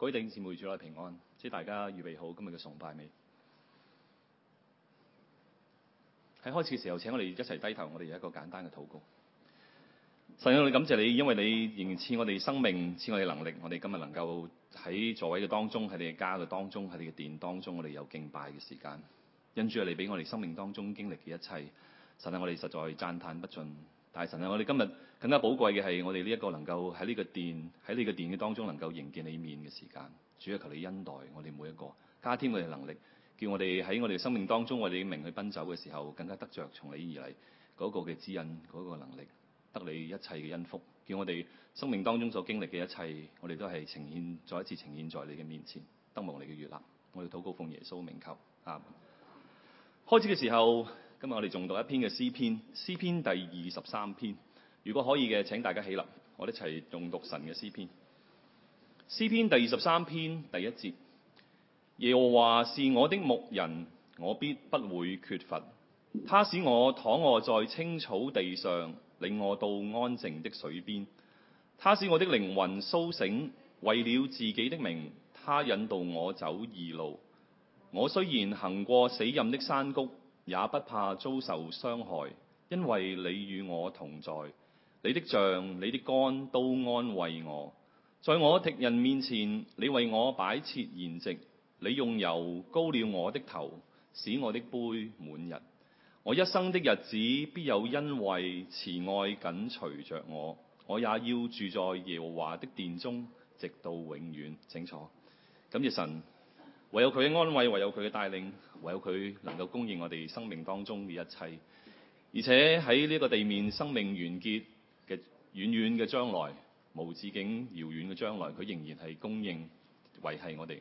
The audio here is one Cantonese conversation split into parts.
改定是每主內平安，即大家預備好今日嘅崇拜未？喺開始嘅時候，請我哋一齊低頭，我哋有一個簡單嘅禱告。神啊，我哋感謝你，因為你仍然賜我哋生命，賜我哋能力，我哋今日能夠喺座位嘅當中，喺你嘅家嘅當中，喺你嘅殿當中，我哋有敬拜嘅時間。因住你俾我哋生命當中經歷嘅一切，神，我哋實在讚嘆不盡。但係神啊，我哋今日。更加寶貴嘅，係我哋呢一個能夠喺呢個殿喺呢個殿嘅當中能夠迎見你面嘅時間，主要求你恩待我哋每一個，加添我哋能力，叫我哋喺我哋生命當中為你名去奔走嘅時候，更加得着從你而嚟嗰個嘅指引，嗰個能力得你一切嘅恩福，叫我哋生命當中所經歷嘅一切，我哋都係呈現再一次呈現在你嘅面前，得蒙你嘅悦納。我哋禱告奉耶穌名求啊！開始嘅時候，今日我哋誦讀一篇嘅詩篇，詩篇第二十三篇。如果可以嘅，請大家起立，我哋一齊用讀神嘅詩篇。詩篇第二十三篇第一節，耶和華是我的牧人，我必不會缺乏。他使我躺臥在青草地上，領我到安靜的水邊。他使我的靈魂蘇醒，為了自己的名，他引導我走義路。我雖然行過死蔭的山谷，也不怕遭受傷害，因為你與我同在。你的杖、你的竿都安慰我，在我敵人面前，你為我擺設筵席，你用油膏了我的頭，使我的杯滿溢。我一生的日子必有恩惠慈愛緊隨着我，我也要住在耶和華的殿中，直到永遠。請坐。感謝神，唯有佢嘅安慰，唯有佢嘅帶領，唯有佢能夠供應我哋生命當中嘅一切，而且喺呢個地面生命完結嘅遠遠嘅將來，無止境、遙遠嘅將來，佢仍然係供應維係我哋。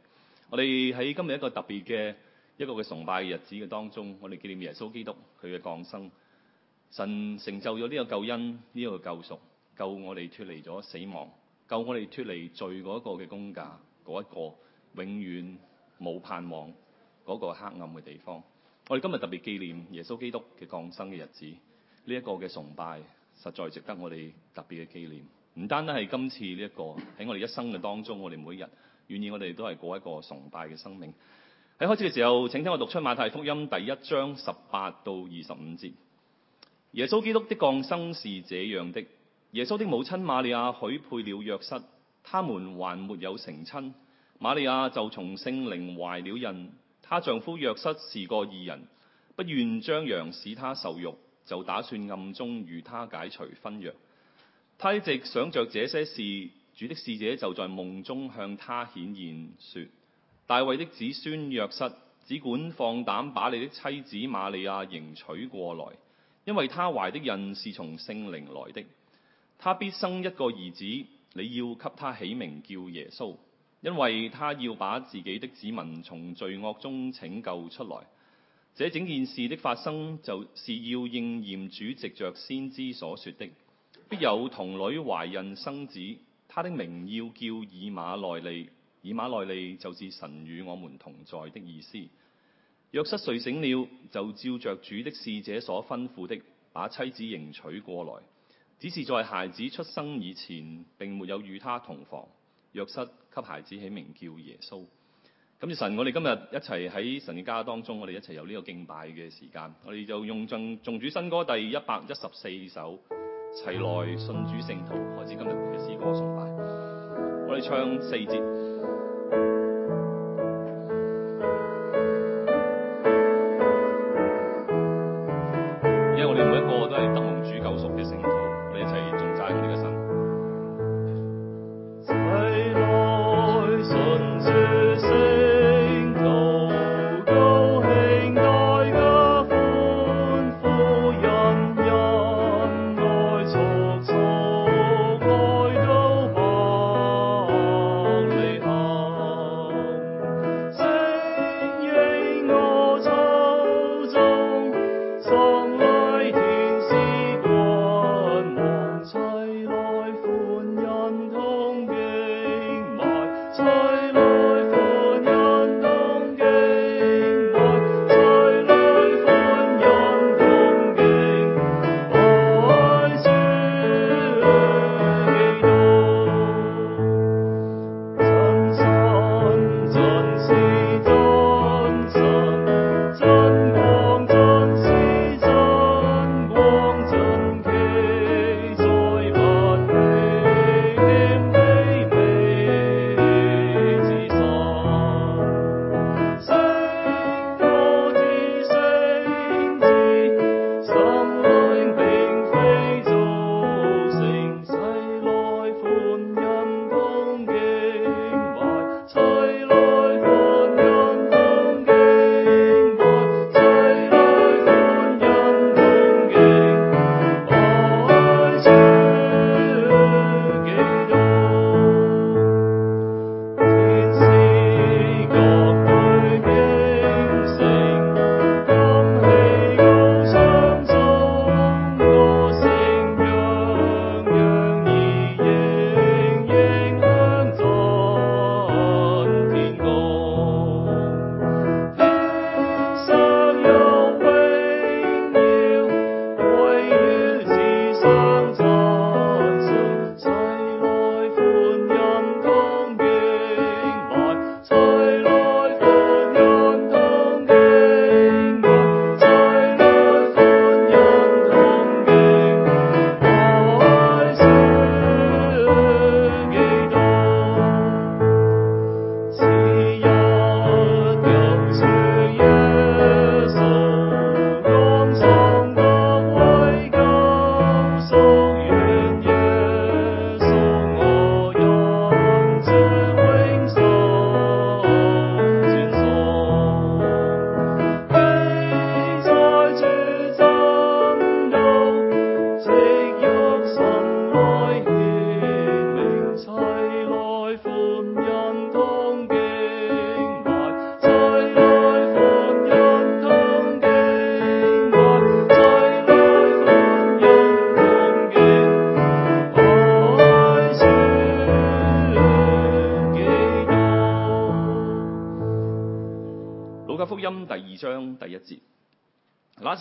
我哋喺今日一個特別嘅一個嘅崇拜嘅日子嘅當中，我哋紀念耶穌基督佢嘅降生。神成就咗呢個救恩，呢、這個救贖，救我哋脫離咗死亡，救我哋脫離罪嗰一個嘅工價，嗰一個永遠冇盼望嗰個黑暗嘅地方。我哋今日特別紀念耶穌基督嘅降生嘅日子，呢、這、一個嘅崇拜。實在值得我哋特別嘅紀念，唔單單係今次呢、這、一個，喺我哋一生嘅當中，我哋每日願意我哋都係過一個崇拜嘅生命。喺開始嘅時候，請聽我讀出馬太福音第一章十八到二十五節。耶穌基督的降生是這樣的：耶穌的母親馬利亞許配了約瑟，他們還沒有成親，馬利亞就從聖靈懷了孕。她丈夫約瑟是個義人，不願張揚，使她受辱。就打算暗中與他解除婚約。他一直想着這些事，主的使者就在夢中向他顯現說，說大衛的子孫約瑟，只管放膽把你的妻子瑪利亞迎娶過來，因為他懷的孕是從聖靈來的。他必生一個兒子，你要給他起名叫耶穌，因為他要把自己的子民從罪惡中拯救出來。這整件事的發生，就是要應驗主藉着先知所說的：必有童女懷孕生子，她的名要叫以馬內利。以馬內利就是神與我們同在的意思。約瑟睡醒了，就照着主的使者所吩咐的，把妻子迎娶過來。只是在孩子出生以前，並沒有與她同房。約瑟給孩子起名叫耶穌。感謝神，我哋今日一齊喺神嘅家當中，我哋一齊有呢個敬拜嘅時間。我哋就用盡頌主新歌第一百一十四首，齊來信主聖徒，開始今日嘅詩歌崇拜。我哋唱四節。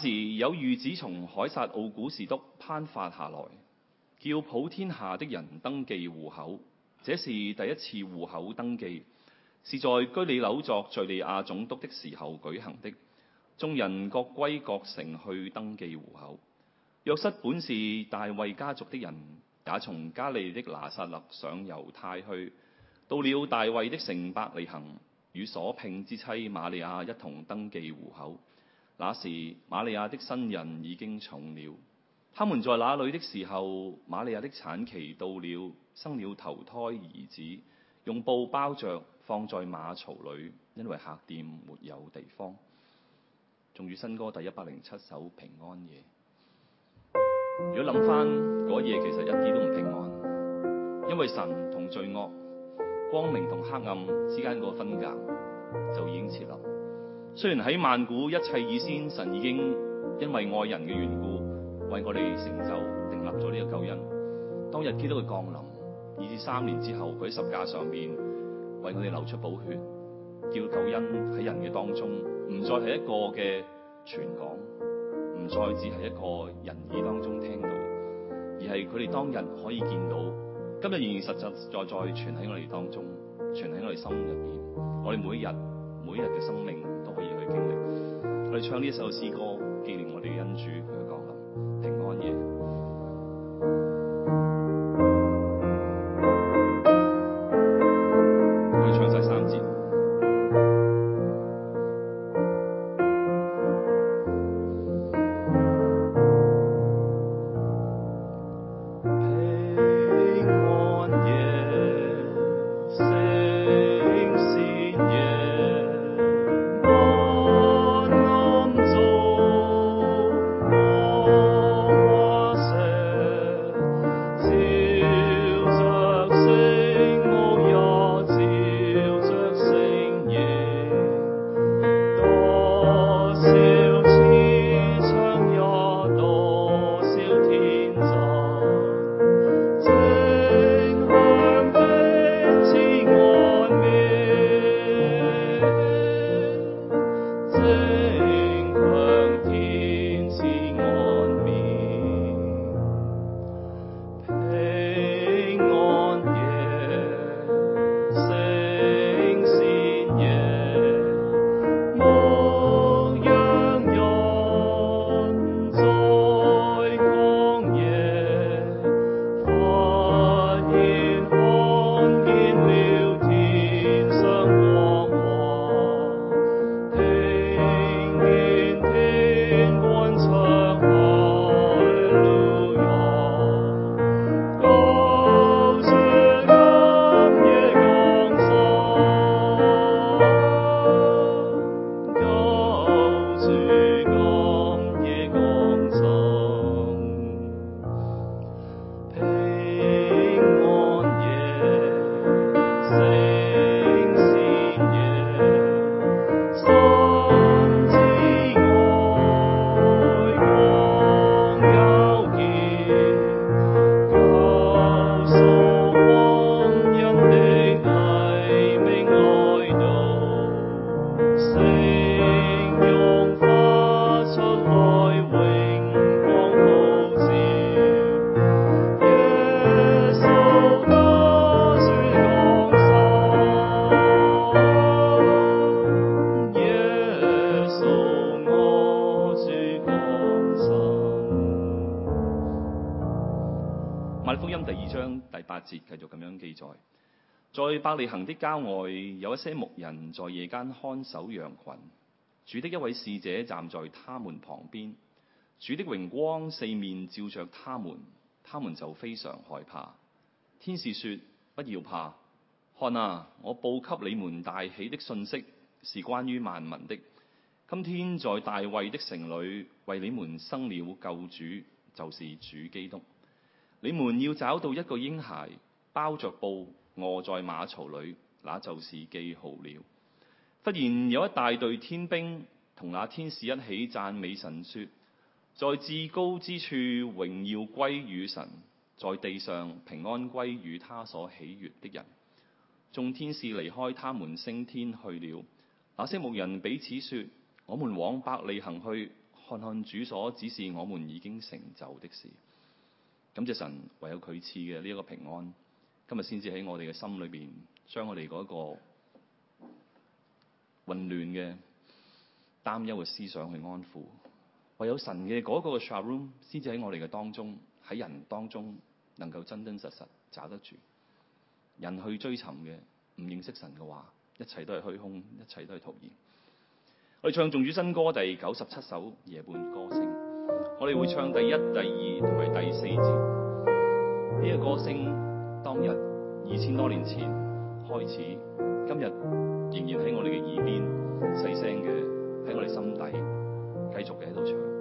當時有諭旨從凱撒奧古士督頒發下來，叫普天下的人登記戶口。這是第一次戶口登記，是在居里紐作敘利亞總督的時候舉行的。眾人各歸各城去登記戶口。約瑟本是大衛家族的人，也從加利的拿撒勒上猶太去，到了大衛的城伯利恒，與所聘之妻瑪利亞一同登記戶口。那時，瑪利亞的身孕已經重了。他們在那裏的時候，瑪利亞的產期到了，生了頭胎兒子，用布包着，放在馬槽裏，因為客店沒有地方。仲有新歌第一百零七首《平安夜》。如果諗翻嗰嘢，夜其實一啲都唔平安，因為神同罪惡、光明同黑暗之間個分隔就已經設立。雖然喺萬古一切以先，神已經因為愛人嘅緣故，為我哋成就定立咗呢個救恩。當日見到佢降臨，以至三年之後佢喺十架上面為我哋流出寶血，叫救恩喺人嘅當中唔再係一個嘅傳講，唔再只係一個人耳當中聽到，而係佢哋當日可以見到。今日仍然實實在在傳喺我哋當中，傳喺我哋心入面。我哋每一日、每一日嘅生命，經歷我哋唱呢一首詩歌，紀念我哋嘅恩主佢降臨平安夜。福音第二章第八節繼續咁樣記載，在伯利恆的郊外，有一些牧人在夜間看守羊群。主的一位使者站在他們旁邊，主的榮光四面照着他們，他們就非常害怕。天使說：不要怕，看啊，我報給你們大喜的信息，是關於萬民的。今天在大衛的城裏，為你們生了救主，就是主基督。你們要找到一個嬰孩，包着布臥在馬槽裏，那就是記號了。忽然有一大隊天兵同那天使一起讚美神，說：在至高之處榮耀歸與神，在地上平安歸與他所喜悅的人。眾天使離開他們升天去了。那些牧人彼此說：我們往伯利恆去，看看主所指示我們已經成就的事。感謝神，唯有佢賜嘅呢一個平安，今日先至喺我哋嘅心裏邊，將我哋嗰個混亂嘅擔憂嘅思想去安撫。唯有神嘅嗰個嘅 Shalom，先至喺我哋嘅當中，喺人當中能夠真真實實找得住。人去追尋嘅，唔認識神嘅話，一切都係虛空，一切都係徒然。我哋唱《眾主新歌》第九十七首《夜半歌聲》。我哋會唱第一、第二同埋第四節呢，呢個歌聲，當日二千多年前開始，今日仍然喺我哋嘅耳邊，細聲嘅喺我哋心底繼續嘅喺度唱。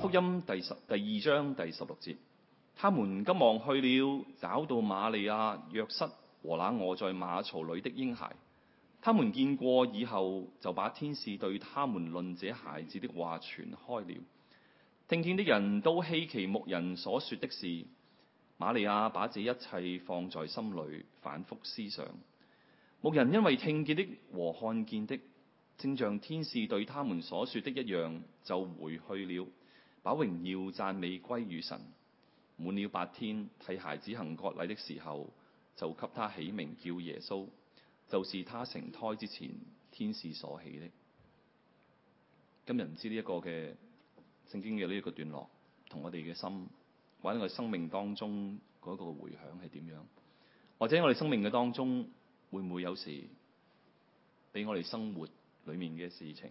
福音第十第二章第十六節，他們急忙去了，找到瑪利亞約瑟和那臥在馬槽裏的嬰孩。他們見過以後，就把天使對他們論這孩子的話傳開了。聽見的人都稀奇牧人所說的事。瑪利亞把這一切放在心裏，反覆思想。牧人因為聽見的和看見的，正像天使對他們所說的一樣，就回去了。把榮耀讚美歸與神。滿了八天替孩子行割禮的時候，就給他起名叫耶穌，就是他成胎之前天使所起的。今日唔知呢一個嘅聖經嘅呢一個段落，同我哋嘅心或者我哋生命當中嗰個回響係點樣？或者我哋生命嘅當中會唔會有時俾我哋生活裏面嘅事情、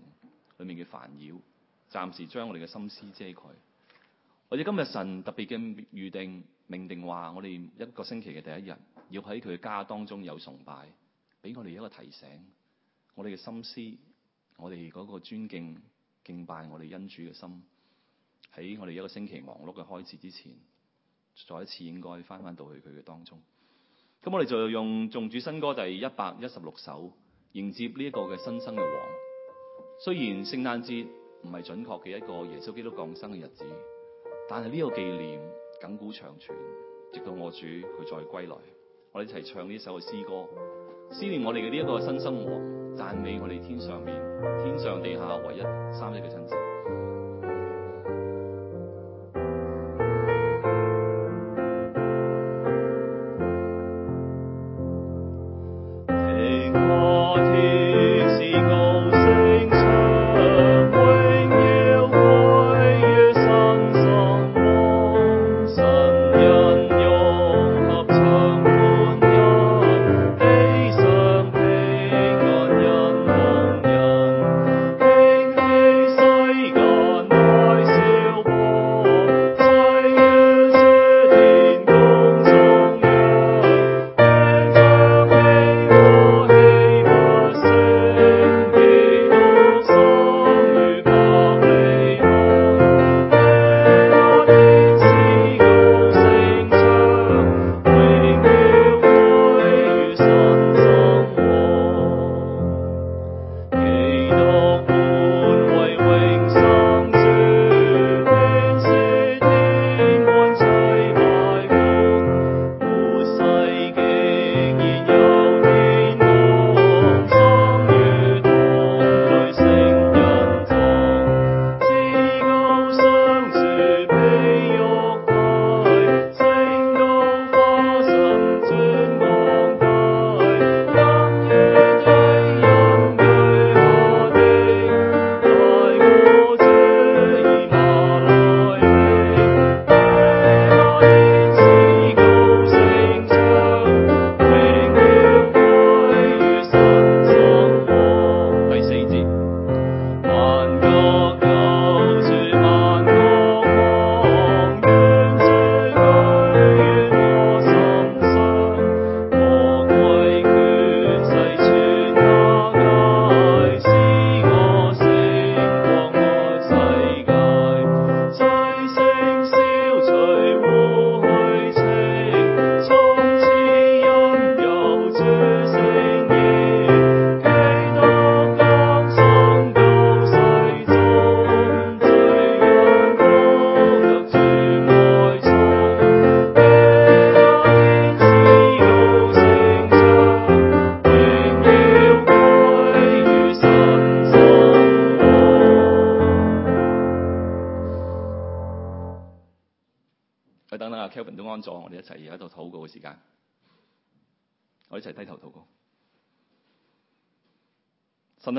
裏面嘅煩擾？暫時將我哋嘅心思遮蓋，或者今日神特別嘅預定命定話，我哋一個星期嘅第一日要喺佢家當中有崇拜，俾我哋一個提醒。我哋嘅心思，我哋嗰個尊敬敬拜我哋恩主嘅心，喺我哋一個星期忙碌嘅開始之前，再一次應該返返到去佢嘅當中。咁我哋就用眾主新歌第，第一百一十六首迎接呢一個嘅新生嘅王。雖然聖誕節。唔係準確嘅一個耶穌基督降生嘅日子，但係呢個紀念亘古長存，直到我主佢再歸來，我哋一齊唱呢首嘅詩歌，思念我哋嘅呢一個新生活，讚美我哋天上面，天上地下唯一三一嘅親子。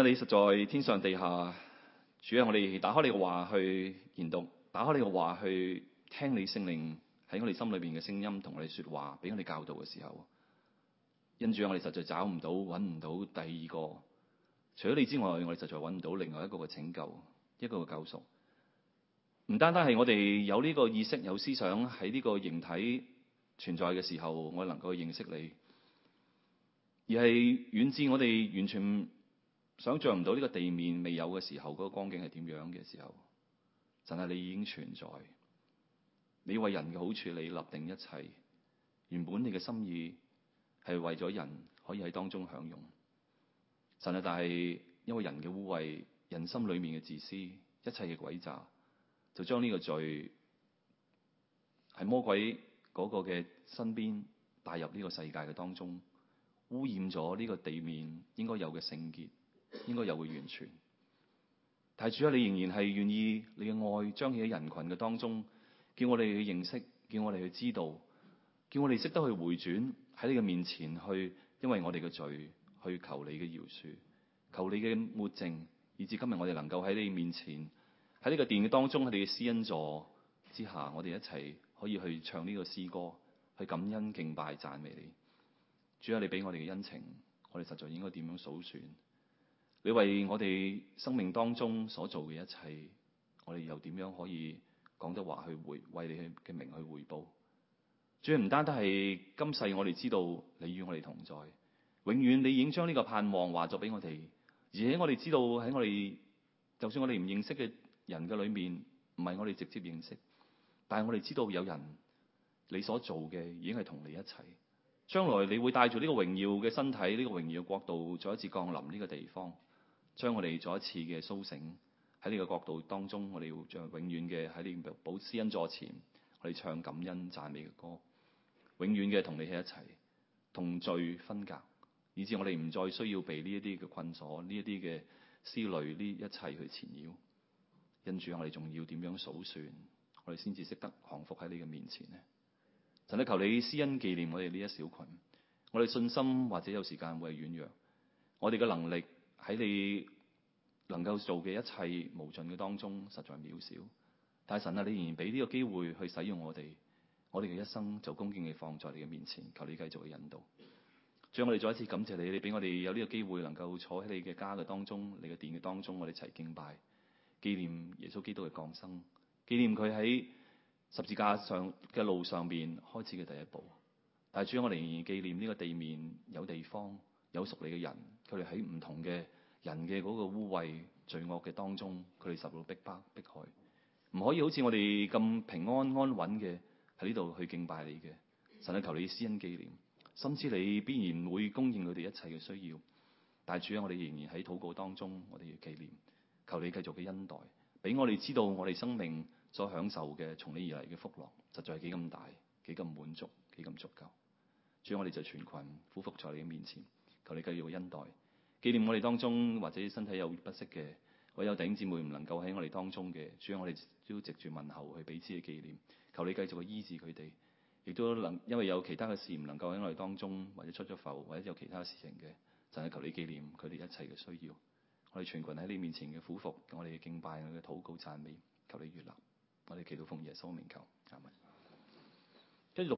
你實在天上地下，主要我哋打開你嘅話去研讀，打開你嘅話去聽你聖靈，喺我哋心裏邊嘅聲音，同我哋說話，俾我哋教導嘅時候，因住我哋實在找唔到、搵唔到第二個，除咗你之外，我哋實在搵唔到另外一個嘅拯救，一個嘅救贖。唔單單係我哋有呢個意識、有思想喺呢個形體存在嘅時候，我哋能夠認識你，而係遠至我哋完全。想象唔到呢個地面未有嘅時候，嗰、那個光景係點樣嘅時候，神啊，你已經存在，你為人嘅好處，你立定一切。原本你嘅心意係為咗人可以喺當中享用，神啊，但係因為人嘅污穢、人心裏面嘅自私、一切嘅詭詐，就將呢個罪喺魔鬼嗰個嘅身邊帶入呢個世界嘅當中，污染咗呢個地面應該有嘅聖潔。應該又會完全，但係主啊，你仍然係願意你嘅愛將喺人群嘅當中，叫我哋去認識，叫我哋去知道，叫我哋識得去回轉喺你嘅面前去，因為我哋嘅罪去求你嘅饒恕，求你嘅抹淨，以至今日我哋能夠喺你面前喺呢個殿嘅當中喺你嘅施恩座之下，我哋一齊可以去唱呢個詩歌，去感恩敬拜讚美你。主啊，你俾我哋嘅恩情，我哋實在應該點樣數算？你為我哋生命當中所做嘅一切，我哋又點樣可以講得話去回為你嘅名去回報？最唔單單係今世，我哋知道你與我哋同在，永遠你已經將呢個盼望話咗俾我哋，而且我哋知道喺我哋就算我哋唔認識嘅人嘅裏面，唔係我哋直接認識，但係我哋知道有人你所做嘅已經係同你一齊，將來你會帶住呢個榮耀嘅身體，呢、這個榮耀嘅國度再一次降臨呢個地方。將我哋再一次嘅蘇醒喺呢個角度當中，我哋要將永遠嘅喺呢個保施恩座前，我哋唱感恩讚美嘅歌，永遠嘅同你喺一齊，同聚分隔，以至我哋唔再需要被呢一啲嘅困鎖，呢一啲嘅思慮，呢一切去纏繞。因住我哋仲要點樣數算，我哋先至識得降服喺你嘅面前呢？神啊，求你施恩紀念我哋呢一小群，我哋信心或者有時間會係軟弱，我哋嘅能力，喺你能夠做嘅一切無盡嘅當中，實在渺小。大神啊，你仍然俾呢個機會去使用我哋，我哋嘅一生就恭敬地放在你嘅面前，求你繼續去引導。主啊，我哋再一次感謝你，你俾我哋有呢個機會能夠坐喺你嘅家嘅當中，你嘅殿嘅當中，我哋一齊敬拜，紀念耶穌基督嘅降生，紀念佢喺十字架上嘅路上邊開始嘅第一步。但係主啊，我哋仍然紀念呢個地面有地方。有熟你嘅人，佢哋喺唔同嘅人嘅嗰個污穢罪惡嘅當中，佢哋受到逼迫迫害，唔可以好似我哋咁平安安穩嘅喺呢度去敬拜你嘅神啊！求你施恩紀念，深知你必然會供應佢哋一切嘅需要。但係主啊，我哋仍然喺禱告當中，我哋嘅紀念求你繼續嘅恩待，俾我哋知道我哋生命所享受嘅從你而嚟嘅福樂，實在係幾咁大、幾咁滿足、幾咁足夠。主啊，我哋就全群俯伏，伏在你嘅面前。求你繼續嘅恩待，紀念我哋當中或者身體有不適嘅，或者有弟兄姊妹唔能夠喺我哋當中嘅，主啊，我哋都藉住問候去彼此嘅紀念。求你繼續去醫治佢哋，亦都能因為有其他嘅事唔能夠喺我哋當中，或者出咗埠，或者有其他事情嘅，就係、是、求你紀念佢哋一切嘅需要。我哋全群喺你面前嘅俯伏，我哋敬拜，我哋禱告讚美，求你悅納。我哋祈禱奉耶穌名求，阿門。跟住